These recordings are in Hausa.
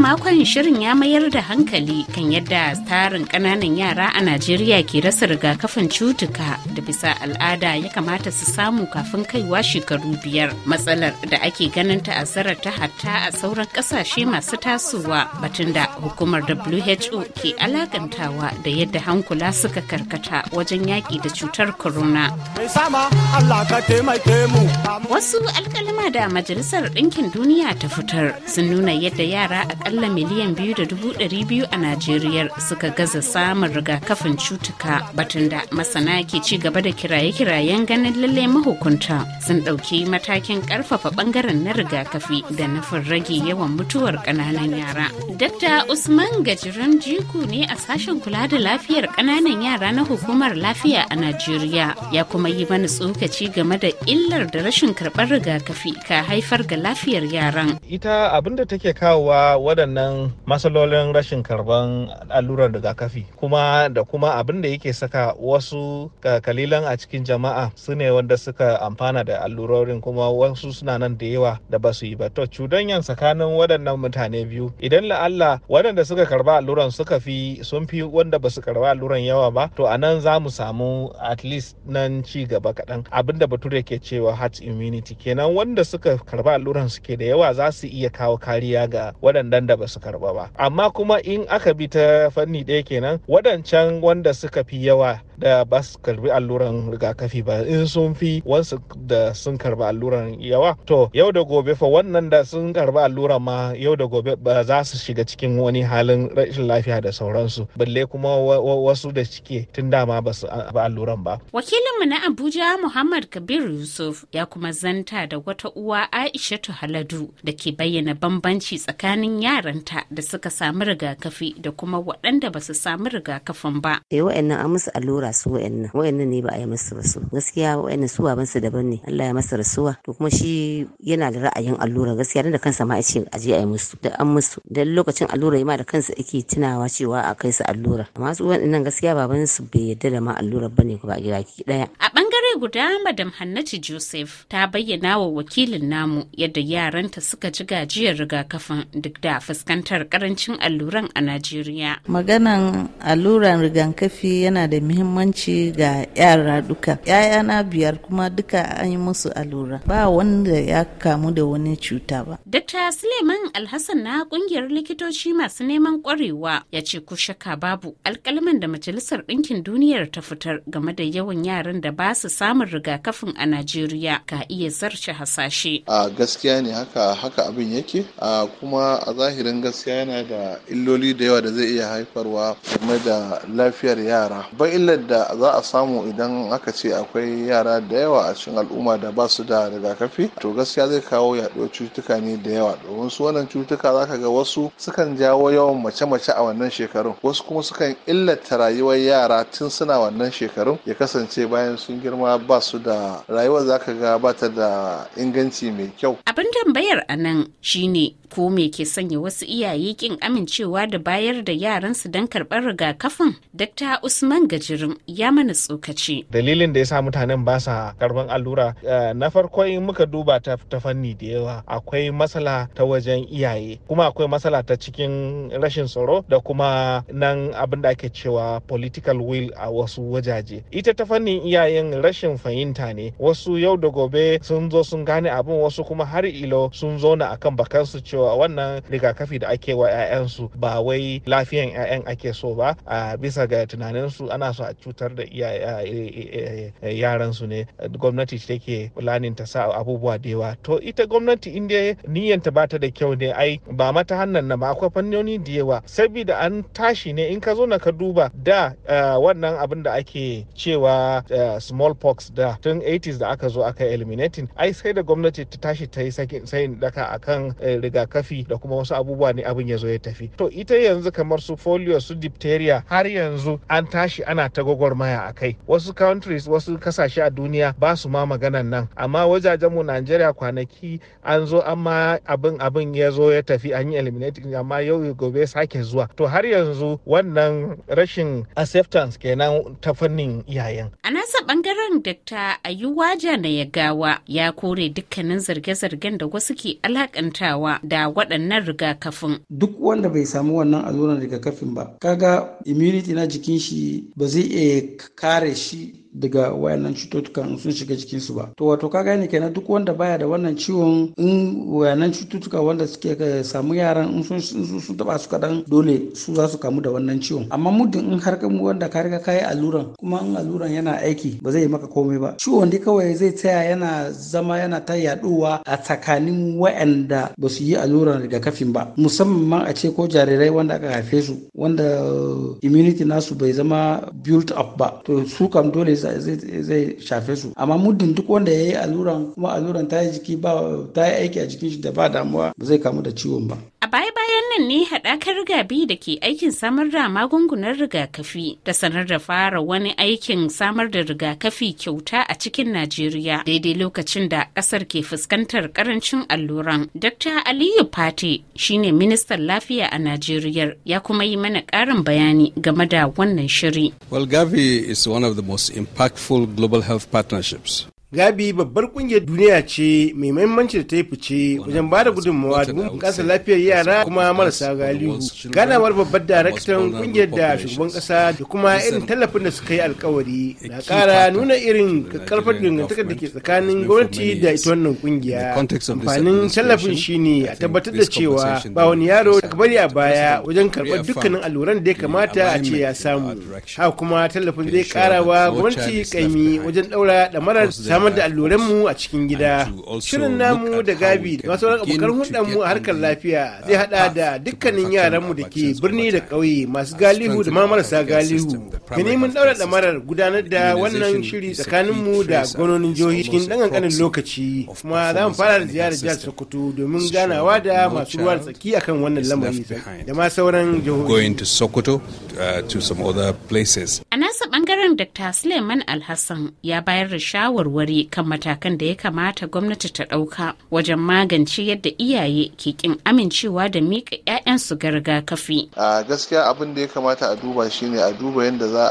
makon shirin ya mayar da hankali kan yadda tarin kananan yara a Najeriya ke rasa rigakafin cutuka da bisa al'ada ya kamata su samu kafin kaiwa shekaru biyar. Matsalar da ake ganin ta'azzarar ta hatta a sauran kasashe masu tasowa batun da hukumar WHO ke alakantawa da yadda hankula suka karkata wajen yaƙi da cutar corona. Wasu alkalama da Majalisar Ɗinkin Duniya ta fitar sun nuna yadda yara a akalla miliyan biyu da dubu ɗari biyu a Najeriya suka gaza samun rigakafin cutuka batun da masana ke ci gaba da kiraye-kirayen ganin lalle mahukunta sun ɗauki matakin ƙarfafa ɓangaren na rigakafi da nufin rage yawan mutuwar ƙananan yara. Dr. Usman Gajiran Jiku ne a sashen kula da lafiyar ƙananan yara na hukumar lafiya a Najeriya ya kuma yi mana tsokaci game da illar da rashin karɓar rigakafi ka haifar ga lafiyar yaran. Ita abin da take kawowa waɗannan matsalolin rashin karban allurar rigakafi kuma da kuma abin da yake saka wasu kalilan a cikin jama'a su ne wanda suka amfana da allurorin kuma wasu suna nan da yawa da ba su yi ba to cudanyan tsakanin waɗannan mutane biyu idan la'alla waɗanda suka karba alluran suka fi sun fi wanda ba su karba alluran yawa ba to a nan za mu samu at least nan ci gaba kaɗan abin da bature ke cewa heart immunity kenan wanda suka karba alluran suke da yawa za su iya kawo kariya ga waɗanda waɗanda ba su karɓa ba amma kuma in aka bi ta fanni ɗaya kenan waɗancan wanda suka fi yawa da ba su karbi alluran rigakafi ba in sun fi wasu da sun karbi alluran yawa to yau da gobe fa wannan da sun karbi alluran ma yau da gobe ba za su shiga cikin wani halin rashin lafiya da sauransu balle kuma wasu da cike tun dama ba su ba alluran ba wakilinmu na abuja muhammad kabir yusuf ya kuma zanta da wata uwa aisha haladu da ke bayyana bambanci tsakanin yaranta da suka samu rigakafi da kuma waɗanda ba su samu rigakafin ba. Eh wa'annan an musu allura su wa'annan wa'annan ne ba a yi musu rasu gaskiya wa'annan su ban su daban ne Allah ya masa rasuwa to kuma shi yana da ra'ayin allura gaskiya da kansa ma yace a je a yi musu da an musu da lokacin allura ma da kansa yake tunawa cewa a kai su allura amma su wa'annan gaskiya baban su bai yarda da ma allura bane ba gida ki daya a bangare guda madam Hannatu Joseph ta bayyana wa wakilin namu yadda yaranta suka ji gajiyar rigakafin duk da fuskantar karancin alluran a Najeriya. Maganan alluran rigakafi yana da muhimmanci ga yara duka. ‘Ya'yana biyar kuma duka an yi musu allura. Ba wanda ya kamu da wani cuta ba. Dr. Suleiman Alhassan na kungiyar likitoci masu neman kwarewa ya ce ku shaka babu alkalman da Majalisar Ɗinkin Duniyar ta fitar game da yawan yaran da ba su samun rigakafin a Najeriya ka iya zarce hasashe. A gaskiya ne haka haka abin yake a kuma a zahirin gaskiya yana da illoli da yawa da zai iya haifarwa game da lafiyar yara. Ba illar da za a samu idan aka ce akwai yara da yawa a cikin al'umma da ba su da rigakafi to gaskiya zai kawo yaɗuwar cututtuka ne da yawa domin su wannan cututtuka za ka ga wasu sukan jawo yawan mace-mace a wannan shekarun wasu kuma sukan illata rayuwar yara tun suna wannan shekarun ya kasance bayan sun girma kuma ba su da rayuwar zaka ga ba ta da inganci mai kyau. Abin tambayar a nan shine ko me ke sanya wasu iyaye kin amincewa da bayar da yaransu don karɓar rigakafin dr usman gajirin ya mana tsokaci dalilin da ya sa mutanen ba sa karban allura eh, na farko in muka duba ta fanni da yawa akwai matsala ta wajen iyaye kuma akwai matsala ta cikin rashin tsaro da kuma nan abin da ake cewa political will a wasu wajaje ita ta fannin iyayen rashin fahimta ne wasu yau da gobe sun zo sun gane abin wasu kuma har ilo sun zo na akan bakansu cewa cewa wannan rigakafi da ake wa 'ya'yansu ba wai lafiyan 'ya'yan ake so ba a bisa ga tunaninsu ana so a cutar da yaransu ne gwamnati take planning ta sa abubuwa da yawa to ita gwamnati inda niyyanta ba ta da kyau ne ai ba mata hannan na ba akwai fannoni da yawa sabida an tashi ne in ka zo na ka duba da wannan abin da ake cewa smallpox da tun 80s da aka zo aka eliminating ai sai da gwamnati ta tashi ta yi sayin daka akan eh, rigakafi kafi da kuma wasu abubuwa ne abin ya zo ya tafi to ita yanzu kamar su folio su diphtheria har yanzu an tashi ana ta gwagwarmaya a kai wasu countries wasu kasashe a duniya ba su ma maganan nan amma wajajen mu Najeriya kwanaki an zo amma abin abin ya zo ya tafi an yi eliminating amma yau gobe sake zuwa to har yanzu wannan rashin acceptance kenan ta fannin iyayen ana sa bangaren Dr. Ayuwaja na Yagawa ya kore dukkanin zarge-zargen da wasu ke alakantawa da waɗannan rigakafin. Duk wanda bai samu wannan alluran rigakafin ba, kaga immunity na jikin shi ba zai iya kare shi daga wayannan cututtukan sun shiga cikin su ba to wato ka gane kenan duk wanda baya da wannan ciwon in wayannan cututtuka wanda suke eh, samu yaran in sun sun taba su kadan dole su za su kamu da wannan ciwon amma muddin in har mu wanda ka riga kai alluran kuma in alluran yana aiki ba zai maka komai ba ciwon dai kawai zai tsaya yana zama yana ta yaduwa a tsakanin wayanda ba su yi alluran kafin ba musamman ma a ce ko jarirai wanda aka haife su wanda eh, immunity nasu bai zama built up ba to su kam dole zai shafe su amma muddin duk wanda ya yi alluran kuma alluran ta yi jiki ba ta yi aiki a jikin shi da ba damuwa ba zai kamu da ciwon ba a baya bayan nan ne haɗakar rigabi da ke aikin samar da magungunan rigakafi da sanar da fara wani aikin samar da rigakafi kyauta a cikin najeriya daidai lokacin da ƙasar ke fuskantar ƙarancin alluran dr aliyu fate shine ministan lafiya a najeriya ya kuma yi mana ƙarin bayani game da wannan shiri well gavi is one of the most impactful global health partnerships. Gabi babbar kungiyar duniya ce mai mahimmanci da ta yi fice wajen ba da gudunmawa domin bunƙasa lafiyar yara kuma marasa galihu. Ganawar babbar daraktan kungiyar da shugaban ƙasa da kuma irin tallafin da suka yi alkawari na ƙara nuna irin karfar dangantakar da ke tsakanin gwamnati da ita wannan kungiya. Amfanin tallafin shine a tabbatar da cewa ba wani yaro da bari a baya wajen karɓar dukkanin alluran da ya kamata a ce ya samu. Haka kuma tallafin zai ƙara wa gwamnati kaimi wajen ɗaura da samun samar da mu a cikin gida shirin namu da gabi da masu abokan mu a harkar lafiya zai hada uh, da dukkanin mu da ke birni da ƙauye masu galihu da ma marasa galihu ga neman ɗaura ɗamarar gudanar da wannan shiri tsakanin mu da gwanonin jihohi cikin ɗan ƙanƙanin lokaci kuma za mu fara da ziyarar jihar sokoto domin ganawa da masu ruwa da tsaki akan wannan lamari da ma sauran jihohi. Uh, places. A bangaren Dr. Suleiman Alhassan ya bayar da shawarwari kan matakan da ya kamata gwamnati ta ɗauka wajen magance yadda iyaye ke kin amincewa da miƙa 'ya'yansu gargakafi. A gaskiya abin da ya kamata a duba shine a duba yadda za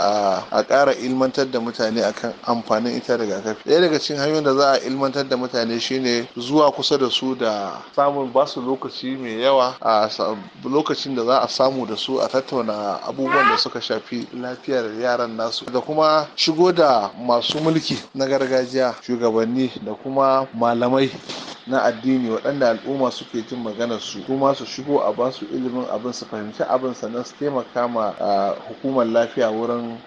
a ƙara ilmantar da mutane akan amfanin ita daga kafi Ɗaya daga cikin hanyoyin da za a ilmantar da mutane shine zuwa kusa da su da samun basu lokaci mai yawa a lokacin da za a samu da su a tattauna abubuwan da suka shafi lafiyar yaran nasu da kuma shigo da masu mulki na gargajiya shugabanni da kuma malamai na addini waɗanda al'umma suke jin maganar su kuma su shigo a ba su ilimin abin su fahimci abin sannan su taimaka ma hukumar lafiya wurin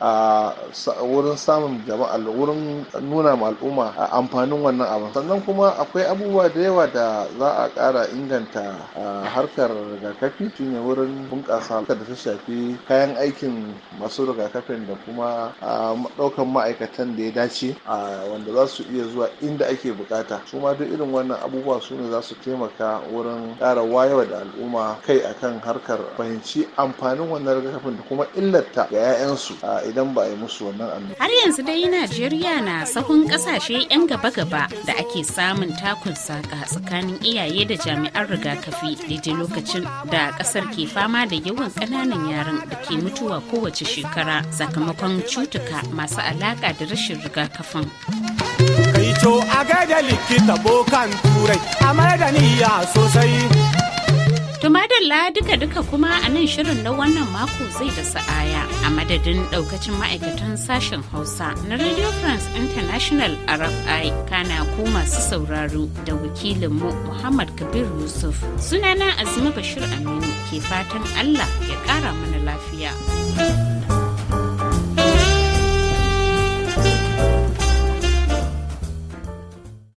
wurin samun jama'a wurin nuna ma al'umma amfanin wannan abin sannan kuma akwai abubuwa da yawa da za a ƙara inganta harkar rigakafi shine wurin bunƙasa harkar da ta shafi kayan aikin masu rigakafin da kuma ɗaukan ma'aikatan da ya dace wanda za su iya zuwa inda ake buƙata su ma duk irin wannan abu. abubuwa su ne za su taimaka wurin ƙara wayewa da al'umma kai akan harkar fahimci amfanin wannan rigakafin da kuma illarta ga 'ya'yansu idan ba a yi musu wannan annoba. Har yanzu dai Najeriya na sahun ƙasashe 'yan gaba-gaba da ake samun takun saka tsakanin iyaye da jami'an rigakafi daidai lokacin da ƙasar ke fama da yawan ƙananan yaran da ke mutuwa kowace shekara sakamakon cutuka masu alaƙa da rashin rigakafin. kai to a gaida likita bokan turai a da niyya sosai Tumadalla duka-duka kuma a nan shirin na wannan mako zai da sa'aya a madadin daukacin ma'aikatan sashen Hausa na Radio France International RFI kana ku masu sauraro da wakilinmu Muhammad Kabir Yusuf. Sunana Azumi Bashir Aminu ke fatan Allah ya kara mana lafiya.